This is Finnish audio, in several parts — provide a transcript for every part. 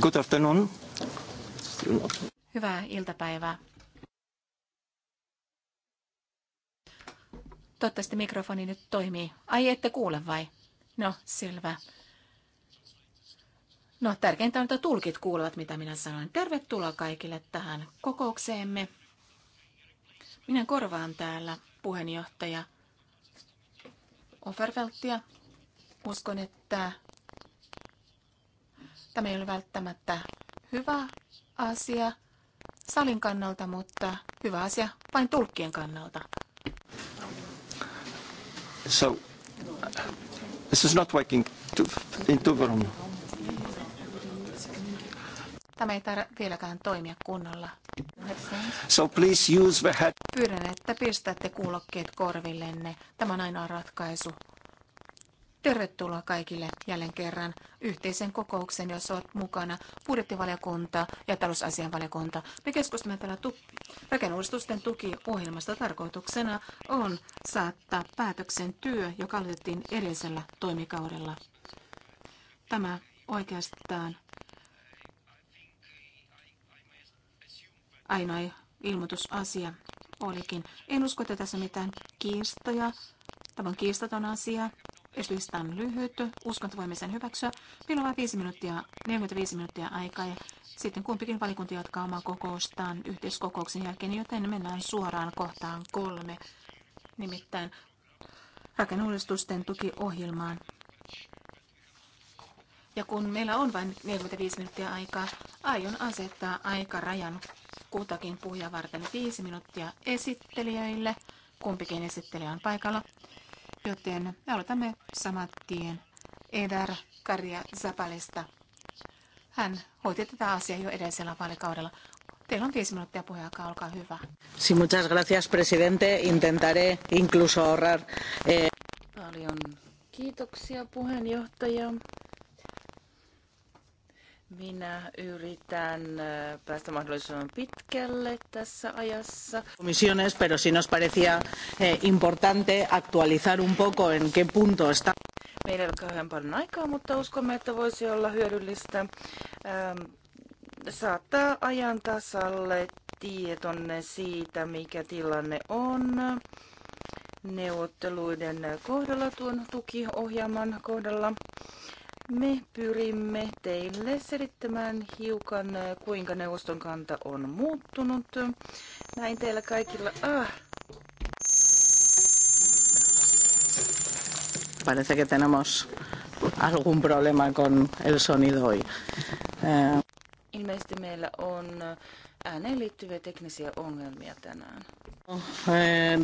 Good afternoon. Hyvää iltapäivää. Toivottavasti mikrofoni nyt toimii. Ai ette kuule vai? No, selvä. No, tärkeintä on, että tulkit kuulevat, mitä minä sanon. Tervetuloa kaikille tähän kokoukseemme. Minä korvaan täällä puheenjohtaja Offerfeltia. Uskon, että Tämä ei ole välttämättä hyvä asia salin kannalta, mutta hyvä asia vain tulkkien kannalta. So, uh, this is not working in Tuvarum. Tämä ei tarvitse vieläkään toimia kunnolla. So please use the head. Pyydän, että pistätte kuulokkeet korvillenne. Tämä on ainoa ratkaisu. Tervetuloa kaikille jälleen kerran yhteisen kokouksen, jos olet mukana budjettivaliokunta ja talousasianvaliokunta. Me keskustamme täällä tu- rakennuudistusten tukiohjelmasta. Tarkoituksena on saattaa päätöksen työ, joka aloitettiin edellisellä toimikaudella. Tämä oikeastaan ainoa ilmoitusasia olikin. En usko, että tässä on mitään kiistoja. Tämä on kiistaton asia. Esitystä on lyhyt. Uskon, että voimme sen hyväksyä. Meillä on vain 5 minuuttia, 45 minuuttia aikaa. Ja sitten kumpikin valikunta jatkaa omaa kokoustaan yhteiskokouksen jälkeen, joten mennään suoraan kohtaan kolme. Nimittäin rakennuudistusten tukiohjelmaan. Ja kun meillä on vain 45 minuuttia aikaa, aion asettaa aikarajan kutakin puhujaa varten 5 minuuttia esittelijöille. Kumpikin esittelijä on paikalla joten me aloitamme saman tien Edar Karja Zapalesta. Hän hoiti tätä asiaa jo edellisellä vaalikaudella. Teillä on viisi minuuttia puheenjohtaja, olkaa hyvä. Sí, muchas gracias, presidente. Intentaré incluso ahorrar... Eh... Paljon kiitoksia puheenjohtaja. Minä yritän päästä mahdollisimman pitkälle tässä ajassa. Comisiones, pero si nos parecía eh, importante actualizar un poco en qué punto está. Meillä ei ole kauhean paljon aikaa, mutta uskomme, että voisi olla hyödyllistä ähm, saattaa ajan tasalle tietonne siitä, mikä tilanne on neuvotteluiden kohdalla, tuon tukiohjelman kohdalla. Me pyrimme teille selittämään hiukan, eh, kuinka neuvoston kanta on muuttunut. Näin teillä kaikilla... Ah. Parece que tenemos algún problema con el sonido hoy. Eh, Ilmeisesti meillä on eh, ääneen liittyviä teknisiä ongelmia tänään.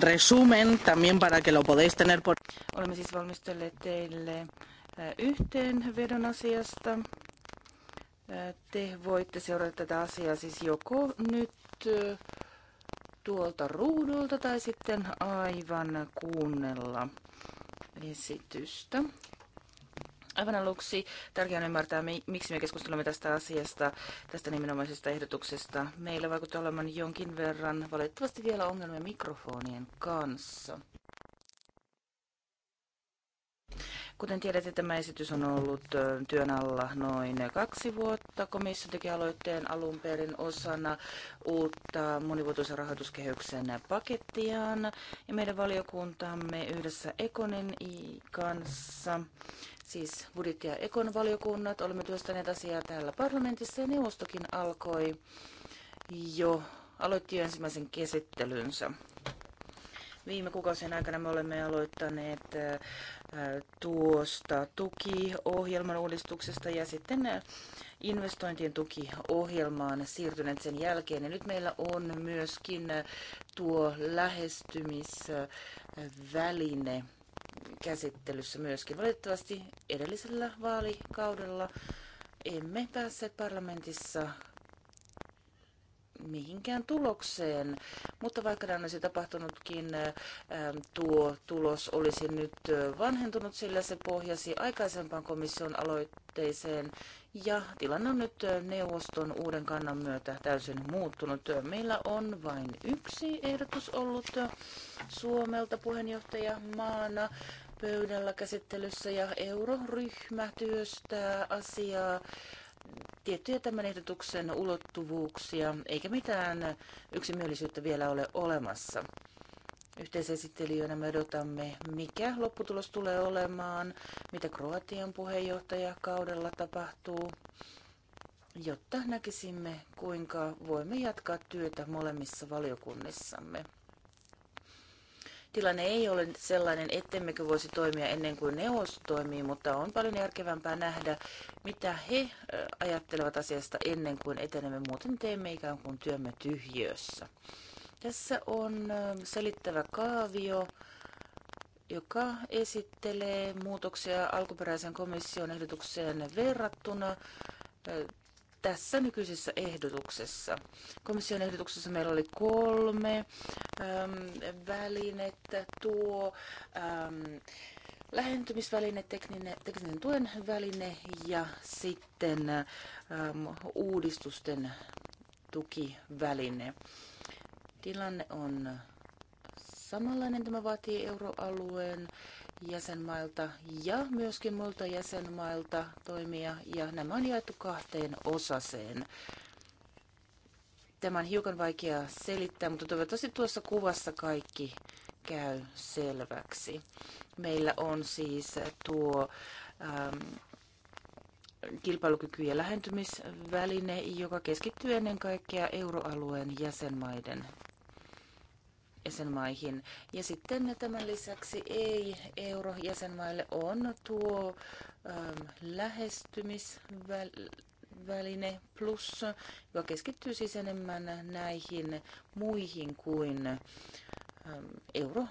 resumen, también para que lo podéis tener por... Olemme siis valmistelleet teille yhteenvedon asiasta. Te voitte seurata tätä asiaa siis joko nyt tuolta ruudulta tai sitten aivan kuunnella esitystä. Aivan aluksi tärkeää on ymmärtää, miksi me keskustelemme tästä asiasta, tästä nimenomaisesta ehdotuksesta. Meillä vaikuttaa olevan jonkin verran valitettavasti vielä ongelmia mikrofonien kanssa. Kuten tiedätte, tämä esitys on ollut työn alla noin kaksi vuotta. Komissio teki aloitteen alun perin osana uutta monivuotoisen rahoituskehyksen pakettiaan. Ja meidän valiokuntamme yhdessä Ekonin kanssa, siis budjetti- ja Ekon valiokunnat, olemme työstäneet asiaa täällä parlamentissa ja neuvostokin alkoi jo aloitti jo ensimmäisen käsittelynsä. Viime kuukausien aikana me olemme aloittaneet tuosta tukiohjelman uudistuksesta ja sitten investointien tukiohjelmaan siirtyneet sen jälkeen. Ja nyt meillä on myöskin tuo lähestymisväline käsittelyssä myöskin. Valitettavasti edellisellä vaalikaudella emme päässeet parlamentissa mihinkään tulokseen. Mutta vaikka näin olisi tapahtunutkin, tuo tulos olisi nyt vanhentunut, sillä se pohjasi aikaisempaan komission aloitteeseen ja tilanne on nyt neuvoston uuden kannan myötä täysin muuttunut. Meillä on vain yksi ehdotus ollut Suomelta puheenjohtaja maana pöydällä käsittelyssä ja euroryhmä työstää asiaa tiettyjä tämän ehdotuksen ulottuvuuksia, eikä mitään yksimielisyyttä vielä ole olemassa. Yhteisesittelijöinä me odotamme, mikä lopputulos tulee olemaan, mitä Kroatian puheenjohtajakaudella tapahtuu, jotta näkisimme, kuinka voimme jatkaa työtä molemmissa valiokunnissamme tilanne ei ole sellainen, ettemmekö voisi toimia ennen kuin neuvosto toimii, mutta on paljon järkevämpää nähdä, mitä he ajattelevat asiasta ennen kuin etenemme. Muuten teemme ikään kuin työmme tyhjössä. Tässä on selittävä kaavio, joka esittelee muutoksia alkuperäisen komission ehdotukseen verrattuna tässä nykyisessä ehdotuksessa. Komission ehdotuksessa meillä oli kolme äm, välinettä, tuo äm, lähentymisväline, tekninen, tuen väline ja sitten äm, uudistusten tukiväline. Tilanne on samanlainen, tämä vaatii euroalueen jäsenmailta ja myöskin muilta jäsenmailta toimia, ja nämä on jaettu kahteen osaseen. Tämä on hiukan vaikea selittää, mutta toivottavasti tuossa kuvassa kaikki käy selväksi. Meillä on siis tuo ähm, kilpailukyky- ja lähentymisväline, joka keskittyy ennen kaikkea euroalueen jäsenmaiden jäsenmaihin. Ja sitten tämän lisäksi ei-eurojäsenmaille on tuo ähm, lähestymisväline plus, joka keskittyy siis enemmän näihin muihin kuin ähm, euro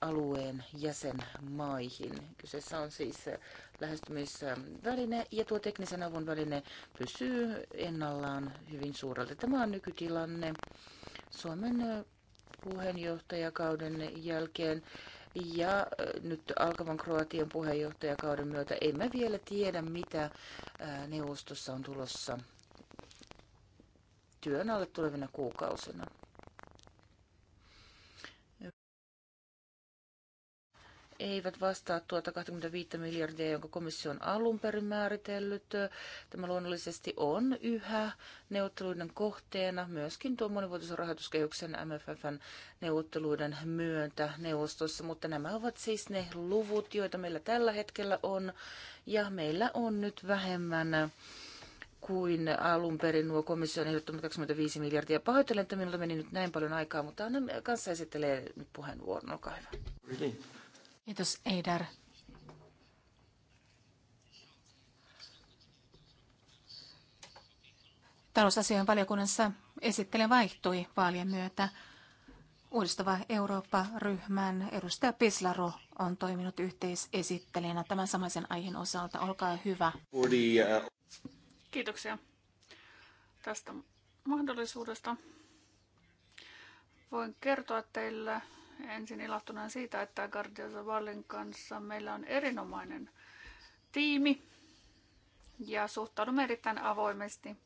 alueen jäsenmaihin. Kyseessä on siis äh, lähestymisväline ja tuo teknisen avun väline pysyy ennallaan hyvin suurelta. Tämä on nykytilanne. Suomen äh, puheenjohtajakauden jälkeen ja nyt alkavan Kroatian puheenjohtajakauden myötä emme vielä tiedä, mitä neuvostossa on tulossa työn alle tulevina kuukausina. eivät vastaa tuota 25 miljardia, jonka komissio on alun perin määritellyt. Tämä luonnollisesti on yhä neuvotteluiden kohteena myöskin tuon monivuotisen rahoituskehyksen MFFn neuvotteluiden myöntä neuvostossa, mutta nämä ovat siis ne luvut, joita meillä tällä hetkellä on, ja meillä on nyt vähemmän kuin alun perin nuo komission ehdottomat 25 miljardia. Pahoittelen, että minulta meni nyt näin paljon aikaa, mutta annan kanssa esittelee nyt puheenvuoron. Olkaa hyvä. Really? Kiitos, Eidar. Talousasioiden valiokunnassa esittele vaihtui vaalien myötä. Uudistava Eurooppa-ryhmän edustaja Pislaro on toiminut yhteisesittelijänä tämän samaisen aiheen osalta. Olkaa hyvä. Kiitoksia tästä mahdollisuudesta. Voin kertoa teille ensin ilahtuneen siitä, että Gardia Zavallin kanssa meillä on erinomainen tiimi ja suhtaudumme erittäin avoimesti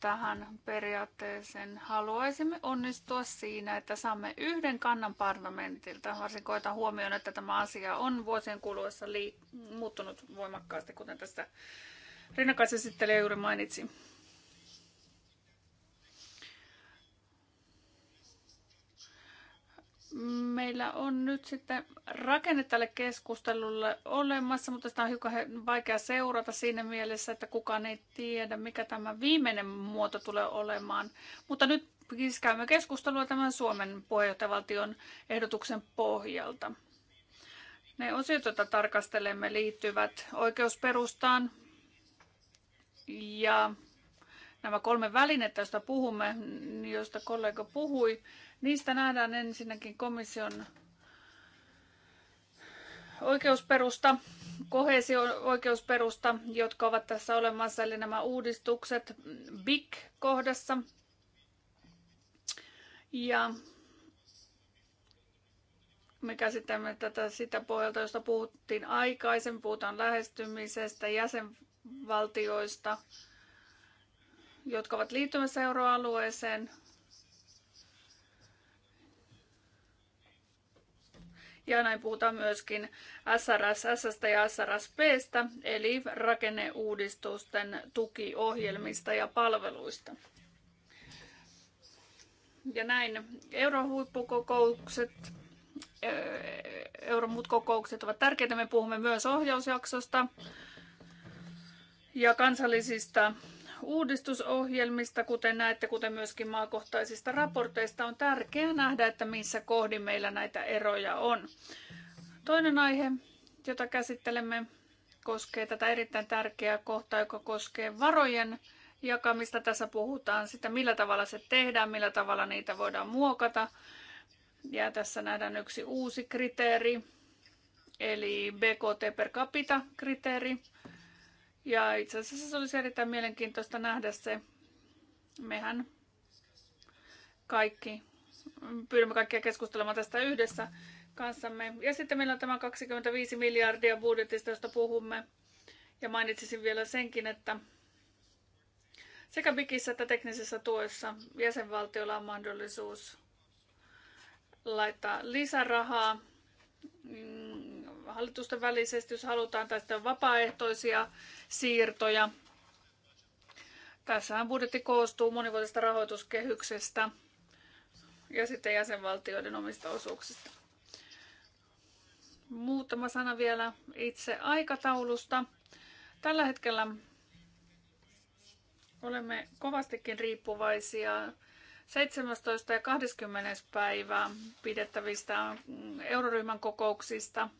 tähän periaatteeseen. Haluaisimme onnistua siinä, että saamme yhden kannan parlamentilta, varsin koita huomioon, että tämä asia on vuosien kuluessa liik- muuttunut voimakkaasti, kuten tästä rinnakkaisesittelijä juuri mainitsi. meillä on nyt sitten rakenne tälle keskustelulle olemassa, mutta sitä on hiukan vaikea seurata siinä mielessä, että kukaan ei tiedä, mikä tämä viimeinen muoto tulee olemaan. Mutta nyt siis käymme keskustelua tämän Suomen puheenjohtajavaltion ehdotuksen pohjalta. Ne osiot, joita tarkastelemme, liittyvät oikeusperustaan ja nämä kolme välinettä, joista puhumme, joista kollega puhui, Niistä nähdään ensinnäkin komission oikeusperusta, kohesio-oikeusperusta, jotka ovat tässä olemassa, eli nämä uudistukset BIC-kohdassa. Ja me käsitämme tätä sitä pohjalta, josta puhuttiin aikaisemmin, puhutaan lähestymisestä, jäsenvaltioista, jotka ovat liittymässä euroalueeseen, Ja näin puhutaan myöskin SRSS ja SRSPstä, eli rakenneuudistusten tukiohjelmista ja palveluista. Ja näin eurohuippukokoukset, euromuut kokoukset ovat tärkeitä. Me puhumme myös ohjausjaksosta ja kansallisista uudistusohjelmista, kuten näette, kuten myöskin maakohtaisista raporteista, on tärkeää nähdä, että missä kohdin meillä näitä eroja on. Toinen aihe, jota käsittelemme, koskee tätä erittäin tärkeää kohtaa, joka koskee varojen jakamista. Tässä puhutaan sitä, millä tavalla se tehdään, millä tavalla niitä voidaan muokata. Ja tässä nähdään yksi uusi kriteeri, eli BKT per capita kriteeri. Ja itse asiassa se olisi erittäin mielenkiintoista nähdä se. Mehän kaikki pyydämme kaikkia keskustelemaan tästä yhdessä kanssamme. Ja sitten meillä on tämä 25 miljardia budjetista, josta puhumme. Ja mainitsisin vielä senkin, että sekä BIKissä että teknisessä tuessa jäsenvaltiolla on mahdollisuus laittaa lisärahaa mm, hallitusten välisesti, jos halutaan, tai sitten vapaaehtoisia siirtoja. Tässähän budjetti koostuu monivuotisesta rahoituskehyksestä ja sitten jäsenvaltioiden omista osuuksista. Muutama sana vielä itse aikataulusta. Tällä hetkellä olemme kovastikin riippuvaisia 17. ja 20. päivää pidettävistä euroryhmän kokouksista –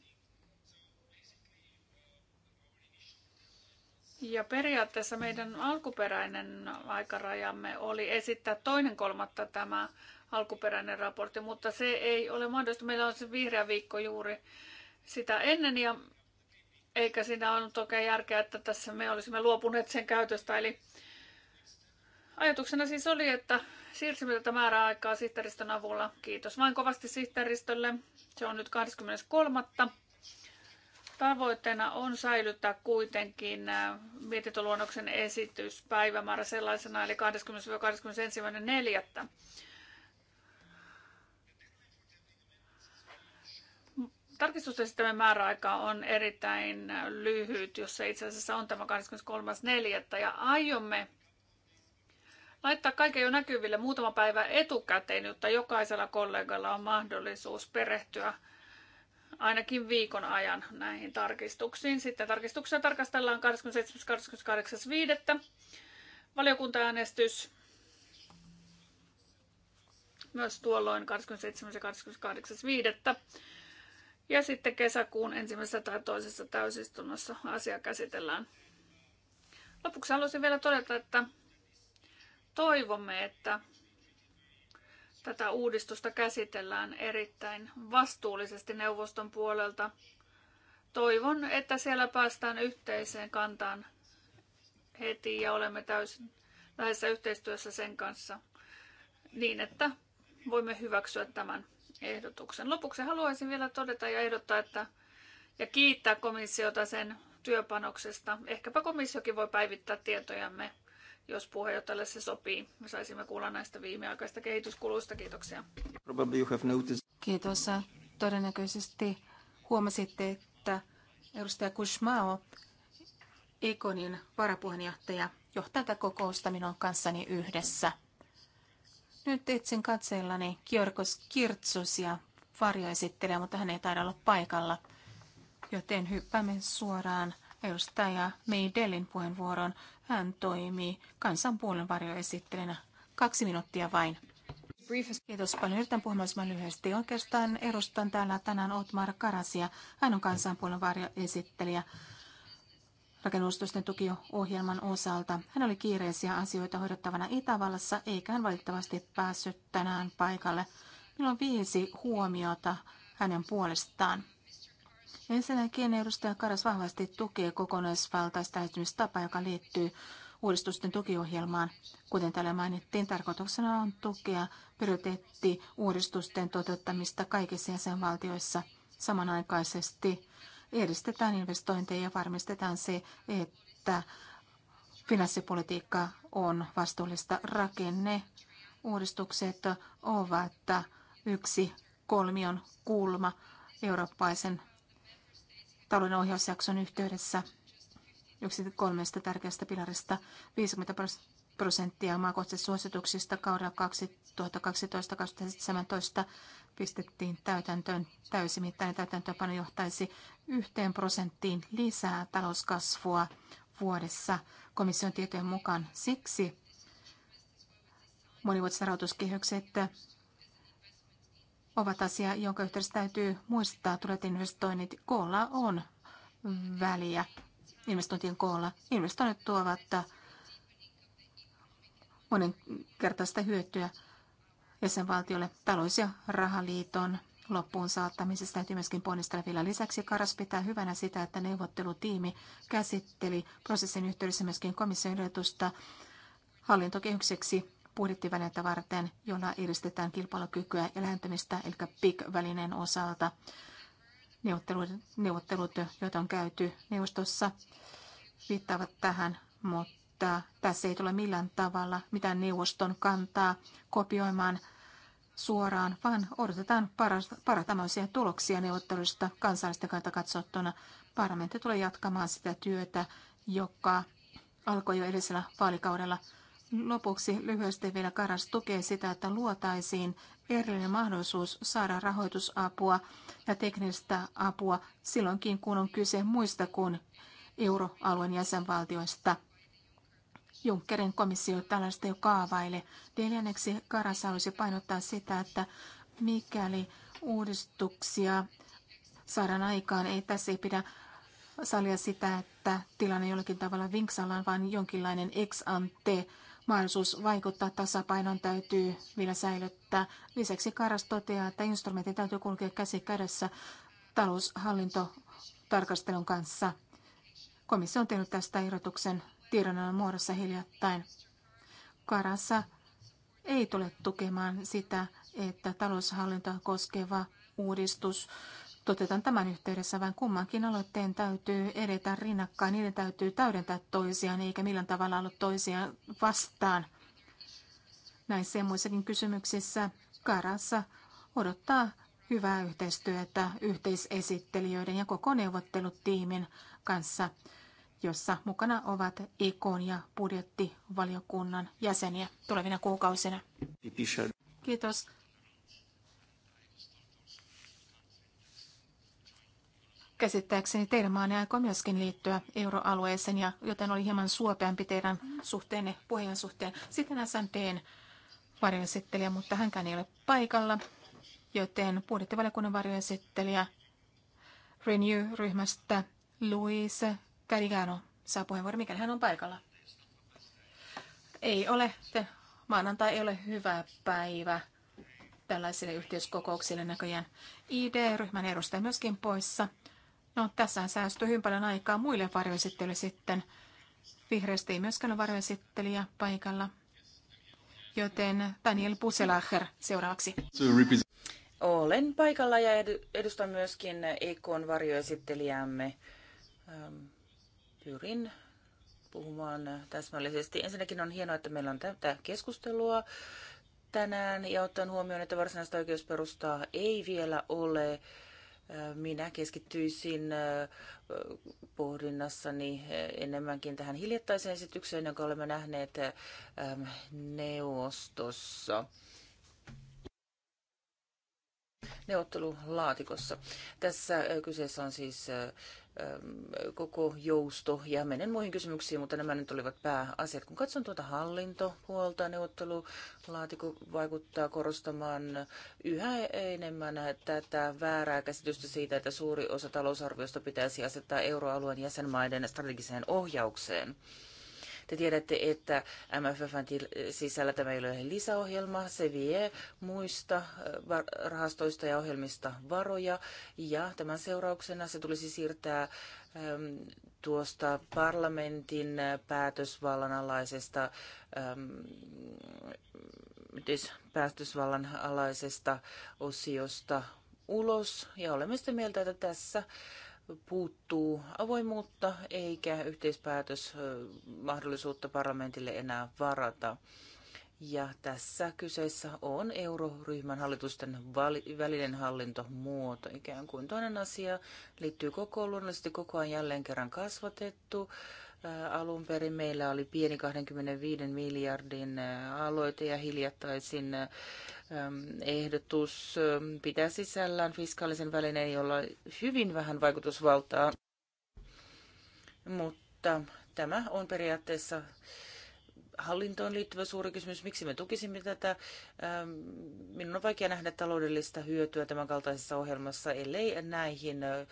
Ja periaatteessa meidän alkuperäinen aikarajamme oli esittää toinen kolmatta tämä alkuperäinen raportti, mutta se ei ole mahdollista. Meillä on se vihreä viikko juuri sitä ennen ja eikä siinä ole toki järkeä, että tässä me olisimme luopuneet sen käytöstä. Eli ajatuksena siis oli, että siirsimme tätä määräaikaa sihteeristön avulla. Kiitos vain kovasti sihteeristölle. Se on nyt 23. Tavoitteena on säilyttää kuitenkin äh, mietintöluonnoksen esitys päivämäärä sellaisena, eli 20-21.4. sitten määräaika on erittäin äh, lyhyt, jos se itse asiassa on tämä 23.4. Ja aiomme laittaa kaiken jo näkyville muutama päivä etukäteen, jotta jokaisella kollegalla on mahdollisuus perehtyä ainakin viikon ajan näihin tarkistuksiin. Sitten tarkistuksia tarkastellaan 27.28.5. Valiokuntaäänestys myös tuolloin 27.28.5. ja Ja sitten kesäkuun ensimmäisessä tai toisessa täysistunnossa asia käsitellään. Lopuksi haluaisin vielä todeta, että toivomme, että Tätä uudistusta käsitellään erittäin vastuullisesti neuvoston puolelta. Toivon, että siellä päästään yhteiseen kantaan heti ja olemme täysin lähes yhteistyössä sen kanssa niin, että voimme hyväksyä tämän ehdotuksen. Lopuksi haluaisin vielä todeta ja ehdottaa, että ja kiittää komissiota sen työpanoksesta. Ehkäpä komissiokin voi päivittää tietojamme jos puheenjohtajalle se sopii. Me saisimme kuulla näistä viimeaikaista kehityskuluista. Kiitoksia. Kiitos. Todennäköisesti huomasitte, että edustaja Kushmao, Ekonin varapuheenjohtaja, johtaa tätä kokousta minun kanssani yhdessä. Nyt etsin katseillani Kiorkos Kirtsus ja varjoesittelijä, mutta hän ei taida olla paikalla, joten hyppäämme suoraan edustaja Meidelin puheenvuoron. Hän toimii kansanpuolen varjoesittelijänä. Kaksi minuuttia vain. Kiitos paljon. Yritän puhumaan lyhyesti. Oikeastaan edustan täällä tänään Otmar Karasia. Hän on kansanpuolen varjoesittelijä rakennustusten tukiohjelman osalta. Hän oli kiireisiä asioita hoidettavana Itävallassa, eikä hän valitettavasti päässyt tänään paikalle. Minulla on viisi huomiota hänen puolestaan. Ensinnäkin edustaja Karas vahvasti tukee kokonaisvaltaista lähestymistapaa, joka liittyy uudistusten tukiohjelmaan. Kuten täällä mainittiin, tarkoituksena on tukea prioriteetti uudistusten toteuttamista kaikissa jäsenvaltioissa samanaikaisesti. Edistetään investointeja ja varmistetaan se, että finanssipolitiikka on vastuullista rakenne. Uudistukset ovat yksi kolmion kulma eurooppaisen talouden ohjausjakson yhteydessä yksi kolmesta tärkeästä pilarista 50 prosenttia maakohtaisista suosituksista kaudella 2012-2017 pistettiin täytäntöön täysimittainen täytäntöönpano johtaisi yhteen prosenttiin lisää talouskasvua vuodessa komission tietojen mukaan. Siksi monivuotiset rahoituskehykset ovat asia, jonka yhteydessä täytyy muistaa Tulet investoinnit. Koolla on väliä investointien koolla. Investoinnit tuovat monenkertaista hyötyä jäsenvaltiolle talous- ja rahaliiton loppuun saattamisesta täytyy myöskin ponnistella vielä lisäksi. Karas pitää hyvänä sitä, että neuvottelutiimi käsitteli prosessin yhteydessä myöskin komission ehdotusta hallintokehykseksi budjettivälineitä varten, jona edistetään kilpailukykyä ja lähentämistä, eli pik välineen osalta. Neuvottelut, neuvottelut, joita on käyty neuvostossa, viittaavat tähän, mutta tässä ei tule millään tavalla mitään neuvoston kantaa kopioimaan suoraan, vaan odotetaan parantamaisia tuloksia neuvottelusta kansallisten kannalta katsottuna. Parlamentti tulee jatkamaan sitä työtä, joka alkoi jo edellisellä vaalikaudella lopuksi lyhyesti vielä Karas tukee sitä, että luotaisiin erillinen mahdollisuus saada rahoitusapua ja teknistä apua silloinkin, kun on kyse muista kuin euroalueen jäsenvaltioista. Junckerin komissio tällaista jo kaavaili. Neljänneksi Karas haluaisi painottaa sitä, että mikäli uudistuksia saadaan aikaan, ei tässä ei pidä salia sitä, että tilanne jollakin tavalla vinksallaan, vaan jonkinlainen ex ante mahdollisuus vaikuttaa tasapainon täytyy vielä säilyttää. Lisäksi Karas toteaa, että instrumentin täytyy kulkea käsi kädessä taloushallintotarkastelun kanssa. Komissio on tehnyt tästä ehdotuksen tiedonannon muodossa hiljattain. Karassa ei tule tukemaan sitä, että taloushallintoa koskeva uudistus Toteutan tämän yhteydessä vain kummankin aloitteen täytyy edetä rinnakkain, niiden täytyy täydentää toisiaan eikä millään tavalla olla toisiaan vastaan. Näin semmoisakin kysymyksissä Karassa odottaa hyvää yhteistyötä yhteisesittelijöiden ja koko neuvottelutiimin kanssa, jossa mukana ovat ikon ja budjettivaliokunnan jäseniä tulevina kuukausina. Kiitos. Käsittääkseni teidän maanne aikoo myöskin liittyä euroalueeseen, ja joten oli hieman suopeampi teidän suhteenne, puheen suhteen. Sitten SNPn varjoesittelijä, mutta hänkään ei ole paikalla, joten budjettivaliokunnan varjoesittelijä Renew-ryhmästä Luis Carigano saa puheenvuoron, mikäli hän on paikalla. Ei ole, maanantai ei ole hyvä päivä tällaisille yhteiskokouksille näköjään. ID-ryhmän edustaja myöskin poissa, No, tässä säästyy hyvin paljon aikaa muille varjoesittelyille sitten. Vihreästä ei myöskään ole varjoesittelijä paikalla. Joten Daniel Puselacher seuraavaksi. Olen paikalla ja edustan myöskin EKn varjoesittelijämme. Ähm, pyrin puhumaan täsmällisesti. Ensinnäkin on hienoa, että meillä on tätä keskustelua tänään ja ottaen huomioon, että varsinaista oikeusperustaa ei vielä ole minä keskittyisin pohdinnassani niin, enemmänkin tähän hiljattaiseen esitykseen, jonka olemme nähneet neuvostossa neuvottelulaatikossa. Tässä kyseessä on siis Ähm, koko jousto ja menen muihin kysymyksiin, mutta nämä nyt olivat pääasiat. Kun katson tuota hallintopuolta, neuvottelulaatiko vaikuttaa korostamaan yhä enemmän tätä väärää käsitystä siitä, että suuri osa talousarviosta pitäisi asettaa euroalueen jäsenmaiden strategiseen ohjaukseen. Te tiedätte, että MFFn sisällä tämä ei ole lisäohjelma. Se vie muista äh, rahastoista ja ohjelmista varoja. Ja tämän seurauksena se tulisi siirtää ähm, tuosta parlamentin äh, päätösvallan alaisesta ähm, päätösvallan alaisesta osiosta ulos. Ja olemme sitä mieltä, että tässä puuttuu avoimuutta eikä mahdollisuutta parlamentille enää varata. Ja tässä kyseessä on euroryhmän hallitusten välinen hallintomuoto. Ikään kuin toinen asia liittyy koko luonnollisesti koko ajan jälleen kerran kasvatettu Alun perin meillä oli pieni 25 miljardin aloite ja hiljattaisin ehdotus pitää sisällään fiskaalisen välineen, jolla hyvin vähän vaikutusvaltaa, mutta tämä on periaatteessa hallintoon liittyvä suuri kysymys, miksi me tukisimme tätä. Ähm, minun on vaikea nähdä taloudellista hyötyä tämän kaltaisessa ohjelmassa, ellei näihin ähm,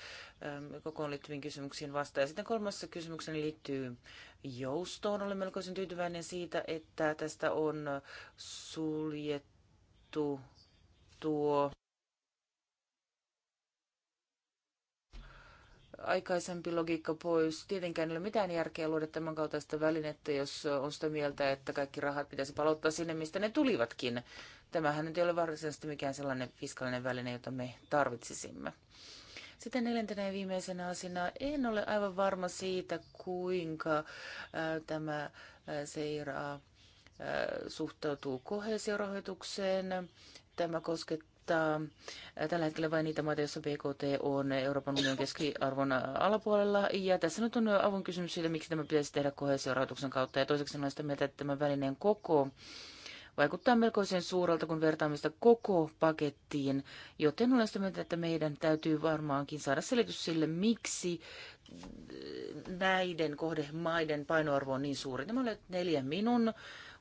kokoon liittyviin kysymyksiin vastaa. Ja sitten kolmas kysymykseni liittyy joustoon. Olen melkoisen tyytyväinen siitä, että tästä on suljettu tuo aikaisempi logiikka pois. Tietenkään ei ole mitään järkeä luoda tämän kaltaista välinettä, jos on sitä mieltä, että kaikki rahat pitäisi palauttaa sinne, mistä ne tulivatkin. Tämähän nyt ei ole varsinaisesti mikään sellainen fiskalinen väline, jota me tarvitsisimme. Sitten neljäntenä ja viimeisenä asiana en ole aivan varma siitä, kuinka ää, äh, tämä ää, äh, seiraa äh, suhtautuu kohesiorahoitukseen. Tämä koskettaa mutta äh, tällä hetkellä vain niitä maita, joissa BKT on Euroopan unionin keskiarvon äh, alapuolella. Ja tässä nyt on äh, avun kysymys siitä, miksi tämä pitäisi tehdä kohesiorahoituksen kautta. Ja toiseksi on sitä mieltä, että tämä välineen koko vaikuttaa melkoisen suurelta, kun vertaamista koko pakettiin, joten olen sitä mieltä, että meidän täytyy varmaankin saada selitys sille, miksi näiden kohdemaiden painoarvo on niin suuri. Tämä olivat neljä minun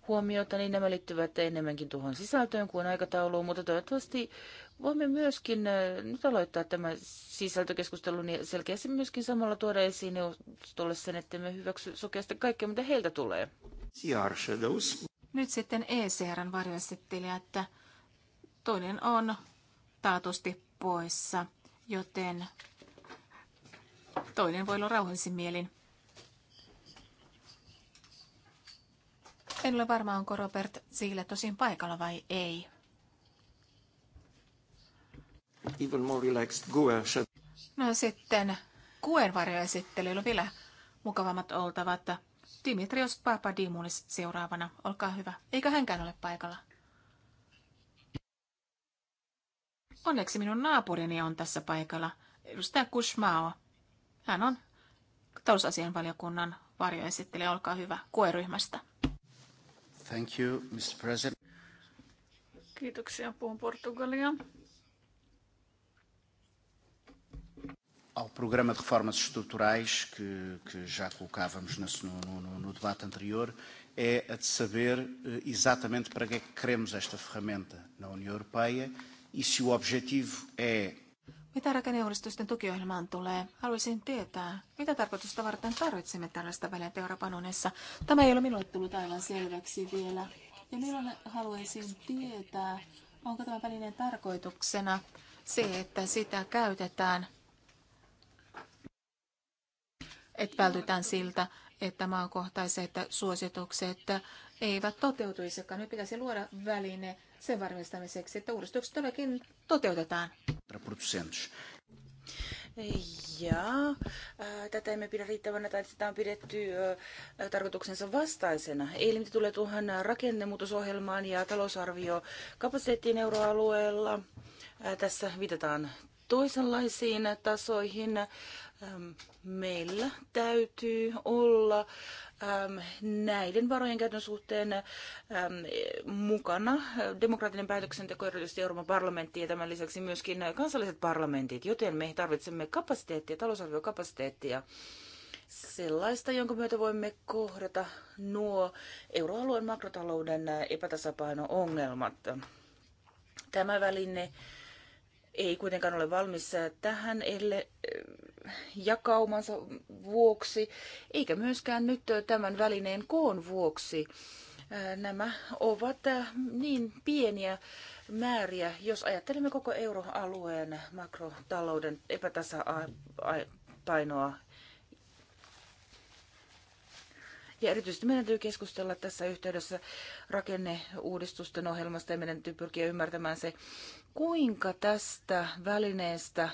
huomiota, niin nämä liittyvät enemmänkin tuohon sisältöön kuin aikatauluun, mutta toivottavasti voimme myöskin äh, nyt aloittaa tämä sisältökeskustelu niin selkeästi myöskin samalla tuoda esiin neuvostolle sen, että me hyväksy sokeasti kaikkea, mitä heiltä tulee. Nyt sitten ECRn varjoesittelijä, että toinen on taatusti poissa, joten toinen voi olla rauhallisin mielin En ole varma, onko Robert zille tosin paikalla vai ei. Even more relaxed Gue. No sitten varjoesittely varjoesittelyllä vielä mukavammat oltavat. Dimitrios Papadimulis seuraavana. Olkaa hyvä. Eikä hänkään ole paikalla. Onneksi minun naapurini on tässä paikalla, edustaja Kushmao. Hän on talousasianvaliokunnan varjoesittelijä, olkaa hyvä, kueryhmästä. Thank you, Mr. President. Kiitoksia. Puhun Portugalia. Ao programa de reformas estruturais que, que já colocávamos nesse, no, no, no, no debate anterior, é a de saber eh, exatamente para que é que queremos esta ferramenta na União Europeia e se o objetivo é mitä rakenneuudistusten tukiohjelmaan tulee, haluaisin tietää, mitä tarkoitusta varten tarvitsemme tällaista välinettä Euroopan unessa. Tämä ei ole minulle tullut aivan selväksi vielä. Ja milloin haluaisin tietää, onko tämä välineen tarkoituksena se, että sitä käytetään, että vältytään siltä, että maakohtaiset suositukset eivät toteutuisikaan. Nyt pitäisi luoda väline sen varmistamiseksi, että uudistukset todellakin toteutetaan kontraproducentes. Ja äh, tätä emme pidä riittävänä tai sitä on pidetty äh, tarkoituksensa vastaisena. Eli mitä tulee tuohon rakennemuutosohjelmaan ja talousarviokapasiteettiin euroalueella, äh, tässä viitataan toisenlaisiin tasoihin meillä täytyy olla näiden varojen käytön suhteen mukana demokraattinen päätöksenteko, erityisesti Euroopan parlamentti ja tämän lisäksi myöskin kansalliset parlamentit, joten me tarvitsemme kapasiteettia, talousarviokapasiteettia sellaista, jonka myötä voimme kohdata nuo euroalueen makrotalouden epätasapaino-ongelmat. Tämä väline ei kuitenkaan ole valmis äh, tähän elle, äh, jakaumansa vuoksi, eikä myöskään nyt äh, tämän välineen koon vuoksi. Nämä ovat niin pieniä määriä, jos ajattelemme koko euroalueen makrotalouden epätasapainoa ja erityisesti meidän täytyy keskustella tässä yhteydessä rakenneuudistusten ohjelmasta ja meidän täytyy pyrkiä ymmärtämään se, kuinka tästä välineestä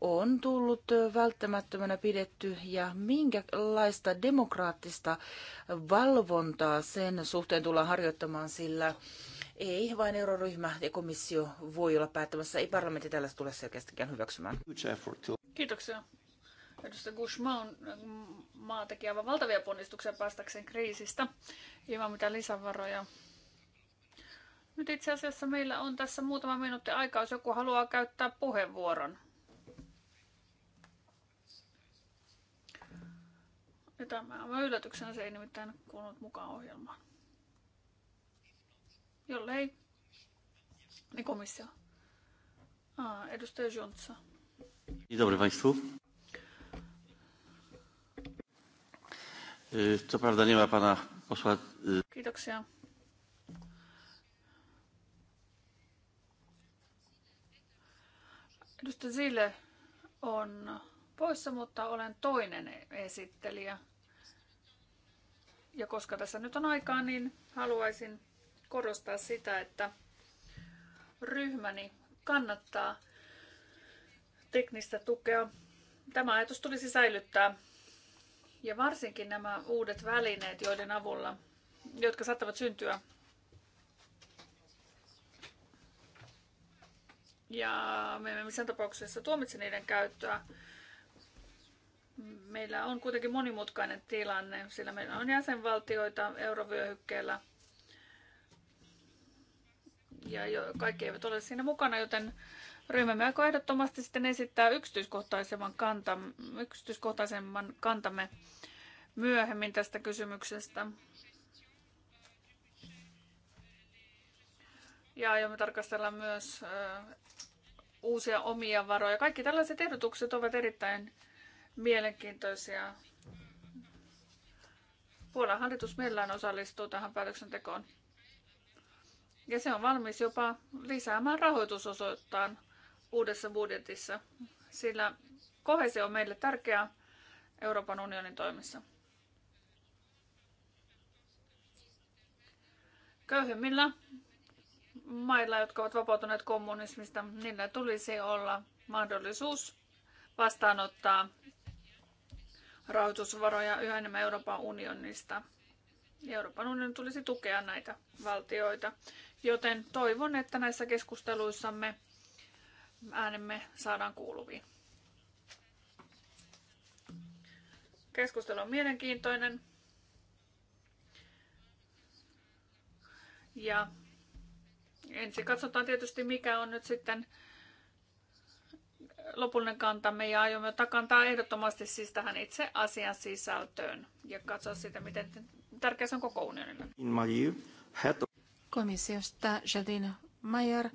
on tullut välttämättömänä pidetty ja minkälaista demokraattista valvontaa sen suhteen tullaan harjoittamaan, sillä ei vain euroryhmä ja komissio voi olla päättämässä, ei parlamentti tällaista tule selkeästikään hyväksymään. Kiitoksia. Edustaja on äh, maa teki aivan valtavia ponnistuksia päästäkseen kriisistä ilman mitään lisävaroja. Nyt itse asiassa meillä on tässä muutama minuutti aikaa, jos joku haluaa käyttää puheenvuoron. Ja tämä on yllätyksenä, se ei nimittäin kuulunut mukaan ohjelmaan. Jollei, niin komissio. Ah, edustaja Jontsa. Dzień dobry Państwu. Co prawda nie ma pana posła... Kiitoksia. Edustaja Zille on poissa, mutta olen toinen esittelijä. Ja koska tässä nyt on aikaa, niin haluaisin korostaa sitä, että ryhmäni kannattaa teknistä tukea. Tämä ajatus tulisi säilyttää ja varsinkin nämä uudet välineet, joiden avulla, jotka saattavat syntyä Ja me emme missään tapauksessa tuomitse niiden käyttöä. Meillä on kuitenkin monimutkainen tilanne, sillä meillä on jäsenvaltioita eurovyöhykkeellä. Ja jo, kaikki eivät ole siinä mukana, joten Ryhmämme aikoo ehdottomasti sitten esittää yksityiskohtaisemman, kantam, yksityiskohtaisemman kantamme myöhemmin tästä kysymyksestä. Ja aiomme tarkastella myös uusia omia varoja. Kaikki tällaiset ehdotukset ovat erittäin mielenkiintoisia. Puolan hallitus mielellään osallistuu tähän päätöksentekoon. Ja se on valmis jopa lisäämään rahoitusosoittaan uudessa budjetissa, sillä kohesio on meille tärkeää Euroopan unionin toimissa. Köyhimmillä mailla, jotka ovat vapautuneet kommunismista, niillä tulisi olla mahdollisuus vastaanottaa rahoitusvaroja yhä enemmän Euroopan unionista. Euroopan unionin tulisi tukea näitä valtioita, joten toivon, että näissä keskusteluissamme äänemme saadaan kuuluviin. Keskustelu on mielenkiintoinen. Ja ensin katsotaan tietysti, mikä on nyt sitten lopullinen kantamme ja aiomme takantaa ehdottomasti siis tähän itse asian sisältöön ja katsoa sitä, miten tärkeä se on koko unionille. Komissiosta Jadine Mayer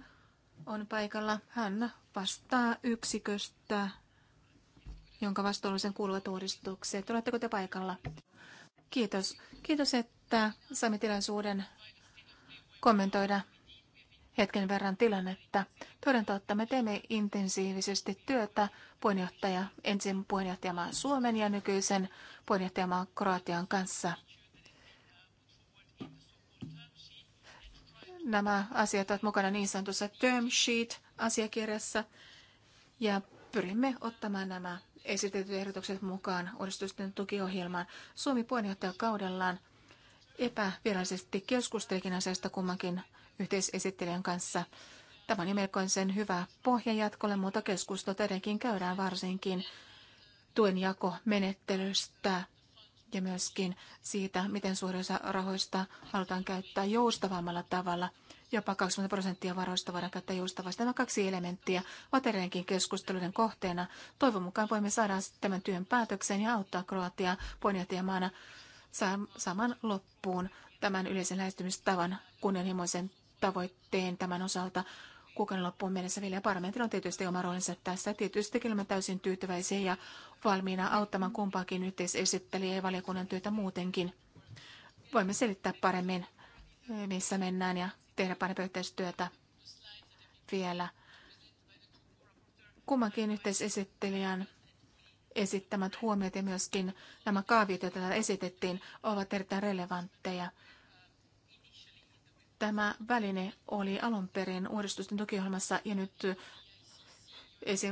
on paikalla. Hän vastaa yksiköstä, jonka vastuullisen kuuluvat uudistukset. Oletteko te paikalla? Kiitos. Kiitos, että saimme tilaisuuden kommentoida hetken verran tilannetta. Toden totta, me teemme intensiivisesti työtä puheenjohtaja, ensin puheenjohtajamaan Suomen ja nykyisen puheenjohtajamaan Kroatian kanssa – Nämä asiat ovat mukana niin sanotussa term sheet-asiakirjassa ja pyrimme ottamaan nämä esitetyt ehdotukset mukaan uudistusten tukiohjelmaan. Suomi puheenjohtajakaudellaan epävirallisesti keskustelikin asiasta kummankin yhteisesittelijän kanssa. Tämä on melkoisen hyvä pohja jatkolle, mutta keskustelua tietenkin käydään varsinkin tuenjakomenettelystä ja myöskin siitä, miten suuri osa rahoista halutaan käyttää joustavammalla tavalla. Jopa 20 prosenttia varoista voidaan käyttää joustavasti. Nämä kaksi elementtiä ovat edelleenkin keskusteluiden kohteena. Toivon mukaan voimme saada tämän työn päätökseen ja auttaa Kroatiaa puheenjohtajamaana saman loppuun tämän yleisen lähestymistavan kunnianhimoisen tavoitteen tämän osalta kuukauden loppuun mennessä vielä. Parlamentilla on tietysti oma roolinsa tässä. Tietysti olemme täysin tyytyväisiä ja valmiina auttamaan kumpaakin yhteisesittelijä ja valiokunnan työtä muutenkin. Voimme selittää paremmin, missä mennään ja tehdä parempaa yhteistyötä vielä. Kummankin yhteisesittelijän esittämät huomiot ja myöskin nämä kaaviot, joita täällä esitettiin, ovat erittäin relevantteja. Tämä väline oli alun perin uudistusten tukiohjelmassa ja nyt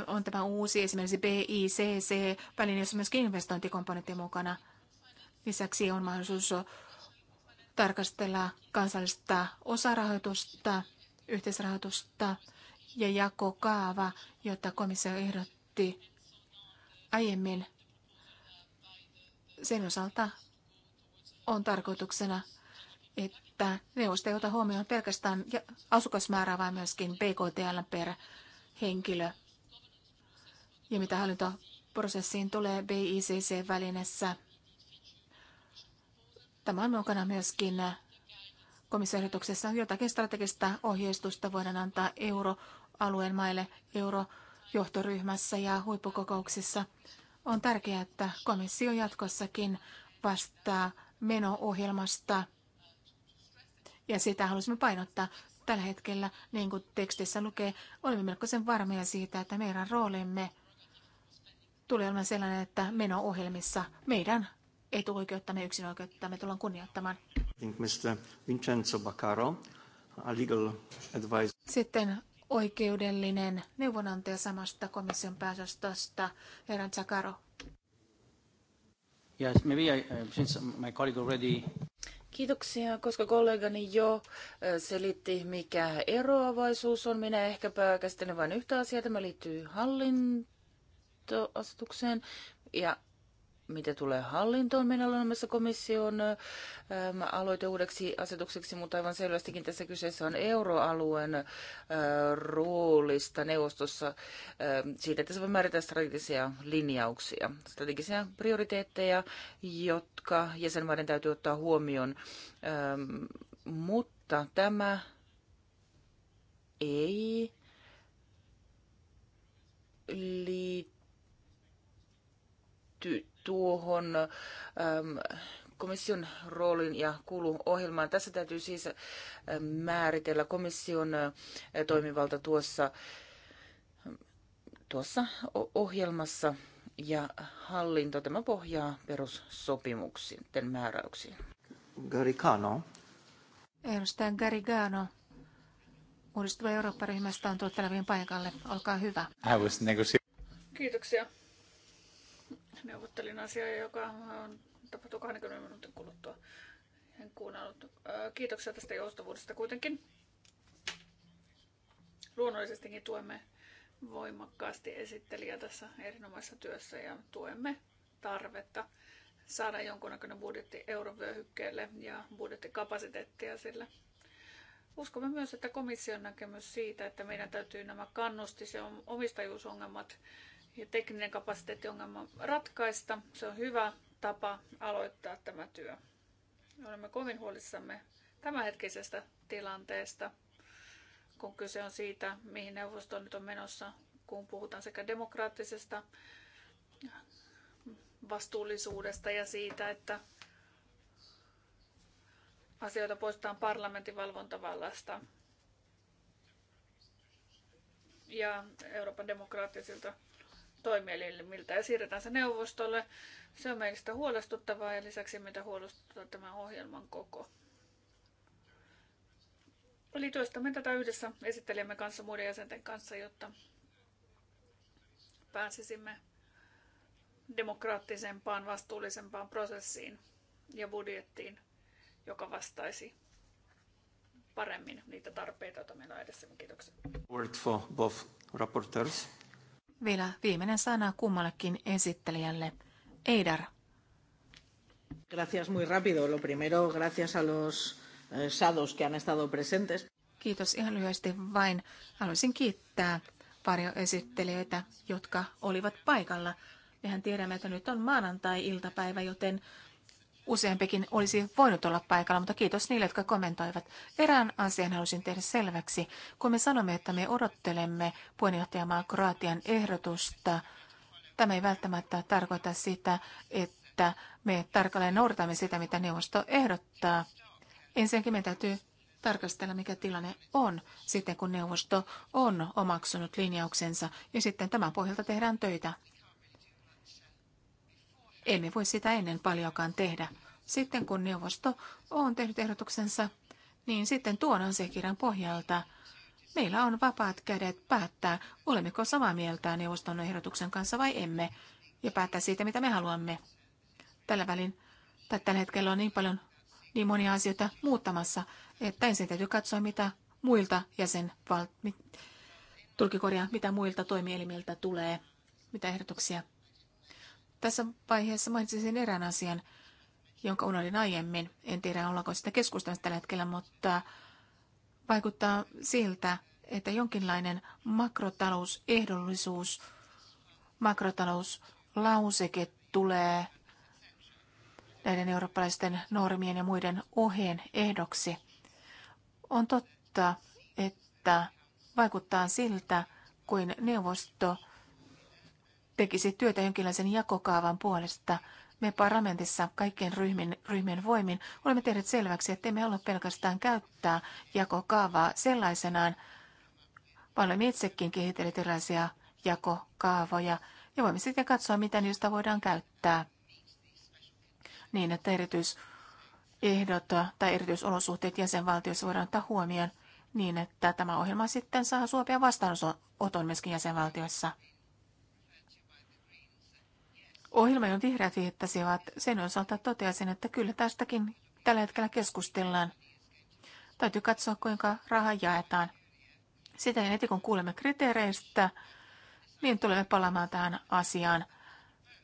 on tämä uusi esimerkiksi BICC-väline, jossa on myöskin investointikomponentti mukana. Lisäksi on mahdollisuus tarkastella kansallista osarahoitusta, yhteisrahoitusta ja jakokaava, jota komissio ehdotti aiemmin. Sen osalta on tarkoituksena että neuvosto ei ota huomioon pelkästään asukasmäärää, vaan myöskin BKTL per henkilö. Ja mitä hallintoprosessiin tulee BICC-välinessä, tämä on mukana myöskin komissioehdotuksessa. Jotakin strategista ohjeistusta voidaan antaa euroalueen maille eurojohtoryhmässä ja huippukokouksissa. On tärkeää, että komissio jatkossakin vastaa meno-ohjelmasta – ja sitä halusimme painottaa tällä hetkellä, niin kuin tekstissä lukee, olemme melkoisen varmoja siitä, että meidän roolimme tulee olemaan sellainen, että meno-ohjelmissa meidän etuoikeuttamme, yksinoikeuttamme tullaan kunnioittamaan. Mr. Vincenzo Baccaro, a legal advisor. Sitten oikeudellinen neuvonantaja samasta komission pääsostöstä, herran Zakaro. Yes, maybe I, uh, since my colleague already Kiitoksia, koska kollegani jo selitti, mikä eroavaisuus on. Minä ehkä käsittelen vain yhtä asiaa. Tämä liittyy hallintoasetukseen ja mitä tulee hallintoon, meillä on olemassa komission äm, aloite uudeksi asetukseksi, mutta aivan selvästikin tässä kyseessä on euroalueen äh, roolista neuvostossa äh, siitä, että se voi määritellä strategisia linjauksia, strategisia prioriteetteja, jotka jäsenmaiden täytyy ottaa huomioon, ähm, mutta tämä ei liity tuohon äm, komission roolin ja kuluohjelmaan. Tässä täytyy siis äh, määritellä komission äh, toimivalta tuossa, tuossa ohjelmassa ja hallinto. Tämä pohjaa perussopimuksien määräyksiin. Garigano. Edustaja Garigano. Uudistuva Eurooppa-ryhmästä on tullut paikalle. Olkaa hyvä. I was Kiitoksia. Neuvottelin asiaa, joka on tapahtunut 20 minuutin kuluttua. En kuunnellut. Kiitoksia tästä joustavuudesta kuitenkin. Luonnollisestikin tuemme voimakkaasti esittelijä tässä erinomaisessa työssä ja tuemme tarvetta saada jonkunnäköinen budjetti eurovyöhykkeelle ja budjettikapasiteettia sille. Uskomme myös, että komission näkemys siitä, että meidän täytyy nämä kannustis- ja omistajuusongelmat ja tekninen kapasiteettiongelma ratkaista. Se on hyvä tapa aloittaa tämä työ. Olemme kovin huolissamme tämänhetkisestä tilanteesta, kun kyse on siitä, mihin neuvosto nyt on menossa, kun puhutaan sekä demokraattisesta vastuullisuudesta ja siitä, että asioita poistetaan parlamentin valvontavallasta ja Euroopan demokraattisilta toimielimiltä ja siirretään se neuvostolle. Se on meistä huolestuttavaa ja lisäksi meitä huolestuttaa tämän ohjelman koko. Eli me tätä yhdessä esittelemme kanssa muiden jäsenten kanssa, jotta pääsisimme demokraattisempaan, vastuullisempaan prosessiin ja budjettiin, joka vastaisi paremmin niitä tarpeita, joita meillä on edessä. Kiitoksia. Word for both rapporteurs. Vielä viimeinen sana kummallekin esittelijälle. Eidar. Gracias muy rápido. Lo primero, gracias a los eh, sados que han estado presentes. Kiitos ihan lyhyesti vain. Haluaisin kiittää esittelijöitä, jotka olivat paikalla. Mehän tiedämme, että nyt on maanantai-iltapäivä, joten Useampikin olisi voinut olla paikalla, mutta kiitos niille, jotka kommentoivat. Erään asian halusin tehdä selväksi. Kun me sanomme, että me odottelemme puheenjohtajamaa Kroatian ehdotusta, tämä ei välttämättä tarkoita sitä, että me tarkalleen noudatamme sitä, mitä neuvosto ehdottaa. Ensinnäkin meidän täytyy tarkastella, mikä tilanne on sitten, kun neuvosto on omaksunut linjauksensa, ja sitten tämän pohjalta tehdään töitä. Emme voi sitä ennen paljonkaan tehdä. Sitten kun neuvosto on tehnyt ehdotuksensa, niin sitten tuon asiakirjan pohjalta meillä on vapaat kädet päättää, olemmeko samaa mieltä neuvoston ehdotuksen kanssa vai emme, ja päättää siitä, mitä me haluamme. Tällä välin, tai tällä hetkellä on niin paljon niin monia asioita muuttamassa, että ensin täytyy katsoa, mitä muilta jäsenval... Mit, tulkikorjaa, mitä muilta toimielimiltä tulee, mitä ehdotuksia tässä vaiheessa mainitsisin erään asian, jonka unohdin aiemmin. En tiedä, ollaanko sitä keskustelua tällä hetkellä, mutta vaikuttaa siltä, että jonkinlainen makrotalousehdollisuus, makrotalouslauseke tulee näiden eurooppalaisten normien ja muiden ohjeen ehdoksi. On totta, että vaikuttaa siltä, kuin neuvosto – tekisi työtä jonkinlaisen jakokaavan puolesta. Me parlamentissa kaikkien ryhmien, ryhmien voimin olemme tehneet selväksi, että emme halua pelkästään käyttää jakokaavaa sellaisenaan, vaan olemme itsekin kehitelleet erilaisia jakokaavoja ja voimme sitten katsoa, mitä niistä voidaan käyttää niin, että erityisehdot tai erityisolosuhteet jäsenvaltioissa voidaan ottaa huomioon niin, että tämä ohjelma sitten saa suopia vastaanoton myöskin jäsenvaltioissa. Ohjelma, johon vihreät viittasivat, sen osalta toteaisin, että kyllä tästäkin tällä hetkellä keskustellaan. Täytyy katsoa, kuinka raha jaetaan. Sitä heti kun kuulemme kriteereistä, niin tulemme palaamaan tähän asiaan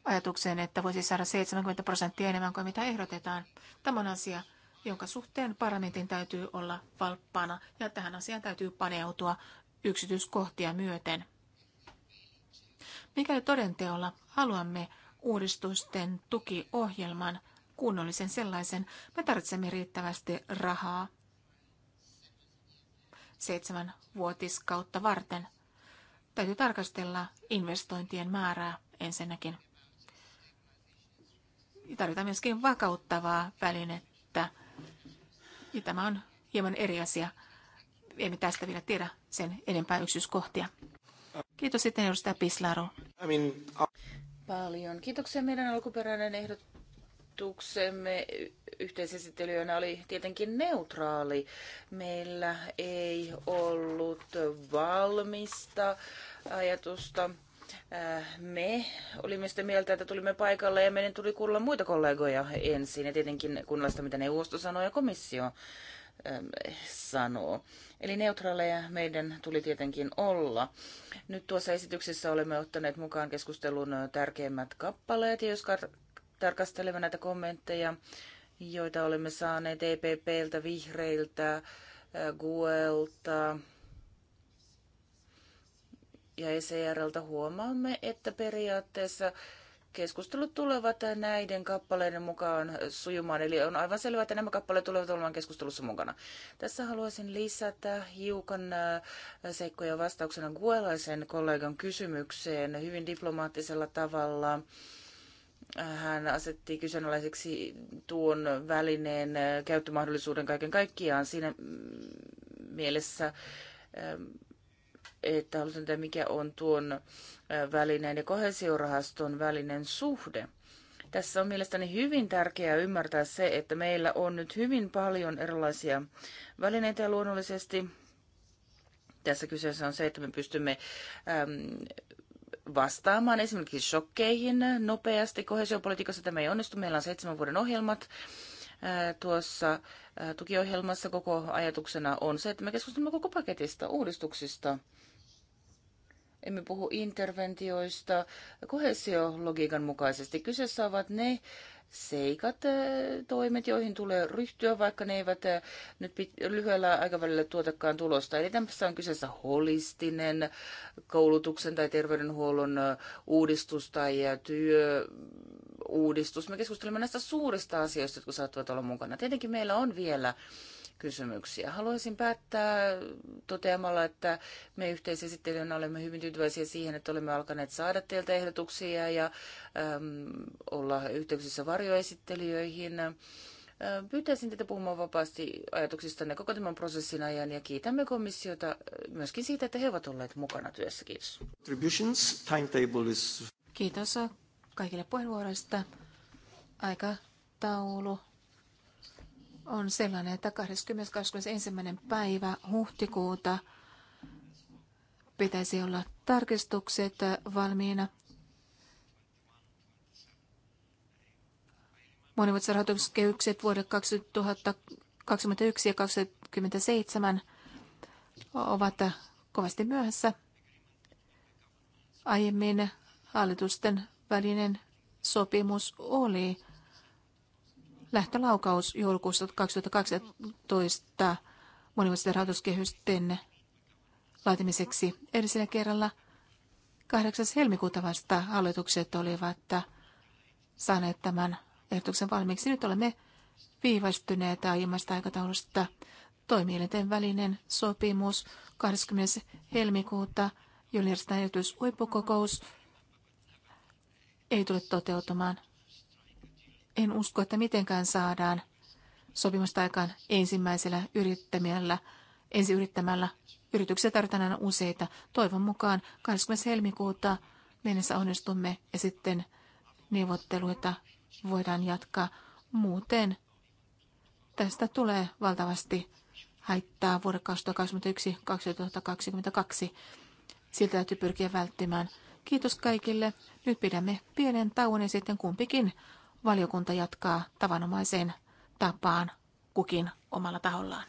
ajatukseen, että voisi saada 70 prosenttia enemmän kuin mitä ehdotetaan. Tämä on asia, jonka suhteen parlamentin täytyy olla valppaana ja tähän asiaan täytyy paneutua yksityiskohtia myöten. Mikäli todenteolla haluamme uudistusten tukiohjelman, kunnollisen sellaisen. Me tarvitsemme riittävästi rahaa seitsemän vuotiskautta varten. Täytyy tarkastella investointien määrää ensinnäkin. Tarvitaan myöskin vakauttavaa välinettä. Ja tämä on hieman eri asia. Emme tästä vielä tiedä sen enempää yksityiskohtia. Kiitos sitten edustaja Pislaru. I mean, paljon. Kiitoksia. Meidän alkuperäinen ehdotuksemme yhteisesittelijöinä oli tietenkin neutraali. Meillä ei ollut valmista ajatusta. Äh, me olimme sitä mieltä, että tulimme paikalle ja meidän tuli kuulla muita kollegoja ensin ja tietenkin kuunnella mitä neuvosto sanoi ja komissio sanoo. Eli neutraaleja meidän tuli tietenkin olla. Nyt tuossa esityksessä olemme ottaneet mukaan keskustelun tärkeimmät kappaleet, ja jos tarkastelemme näitä kommentteja, joita olemme saaneet EPPltä, Vihreiltä, Guelta ja ECRltä, huomaamme, että periaatteessa keskustelut tulevat näiden kappaleiden mukaan sujumaan. Eli on aivan selvää, että nämä kappaleet tulevat olemaan keskustelussa mukana. Tässä haluaisin lisätä hiukan äh, seikkoja vastauksena Guelaisen kollegan kysymykseen hyvin diplomaattisella tavalla. Hän asetti kyseenalaiseksi tuon välineen äh, käyttömahdollisuuden kaiken kaikkiaan siinä mm, mielessä, ähm, että halutaan tietää, mikä on tuon välineen ja kohesiorahaston välinen suhde. Tässä on mielestäni hyvin tärkeää ymmärtää se, että meillä on nyt hyvin paljon erilaisia välineitä ja luonnollisesti tässä kyseessä on se, että me pystymme äm, vastaamaan esimerkiksi shokkeihin nopeasti. Kohesiopolitiikassa tämä ei onnistu. Meillä on seitsemän vuoden ohjelmat tuossa tukiohjelmassa koko ajatuksena on se, että me keskustelemme koko paketista, uudistuksista, emme puhu interventioista kohesiologiikan mukaisesti. Kyseessä ovat ne seikat, eh, toimet, joihin tulee ryhtyä, vaikka ne eivät eh, nyt lyhyellä aikavälillä tuotakaan tulosta. Eli tässä on kyseessä holistinen koulutuksen tai terveydenhuollon eh, uudistus tai työ uudistus. Me keskustelemme näistä suurista asioista, jotka saattavat olla mukana. Tietenkin meillä on vielä kysymyksiä. Haluaisin päättää toteamalla, että me yhteisesittelijänä olemme hyvin tyytyväisiä siihen, että olemme alkaneet saada teiltä ehdotuksia ja äm, olla yhteyksissä varjoesittelijöihin. Pyytäisin teitä puhumaan vapaasti ajatuksistanne koko tämän prosessin ajan ja kiitämme komissiota myöskin siitä, että he ovat olleet mukana työssä. Kiitos. Kiitos kaikille puheenvuoroista. taulu on sellainen, että 21. päivä huhtikuuta pitäisi olla tarkistukset valmiina. Monivuotiset rahoituskehykset vuodet 2021 ja 2027 ovat kovasti myöhässä. Aiemmin hallitusten välinen sopimus oli lähtölaukaus joulukuussa 2012 monivuotisten rahoituskehysten laatimiseksi. Edellisellä kerralla 8. helmikuuta vasta hallitukset olivat saaneet tämän ehdotuksen valmiiksi. Nyt olemme viivästyneet aiemmasta aikataulusta. Toimielinten välinen sopimus 20. helmikuuta, jolloin järjestetään ei tule toteutumaan. En usko, että mitenkään saadaan sopimusta aikaan ensimmäisellä yrittämällä, ensi yrittämällä. Yrityksiä tarvitaan aina useita. Toivon mukaan 20. helmikuuta mennessä onnistumme ja sitten neuvotteluita voidaan jatkaa. Muuten tästä tulee valtavasti haittaa vuoden 2021-2022. Siltä täytyy pyrkiä välttämään. Kiitos kaikille. Nyt pidämme pienen tauon ja sitten kumpikin valiokunta jatkaa tavanomaiseen tapaan kukin omalla tahollaan.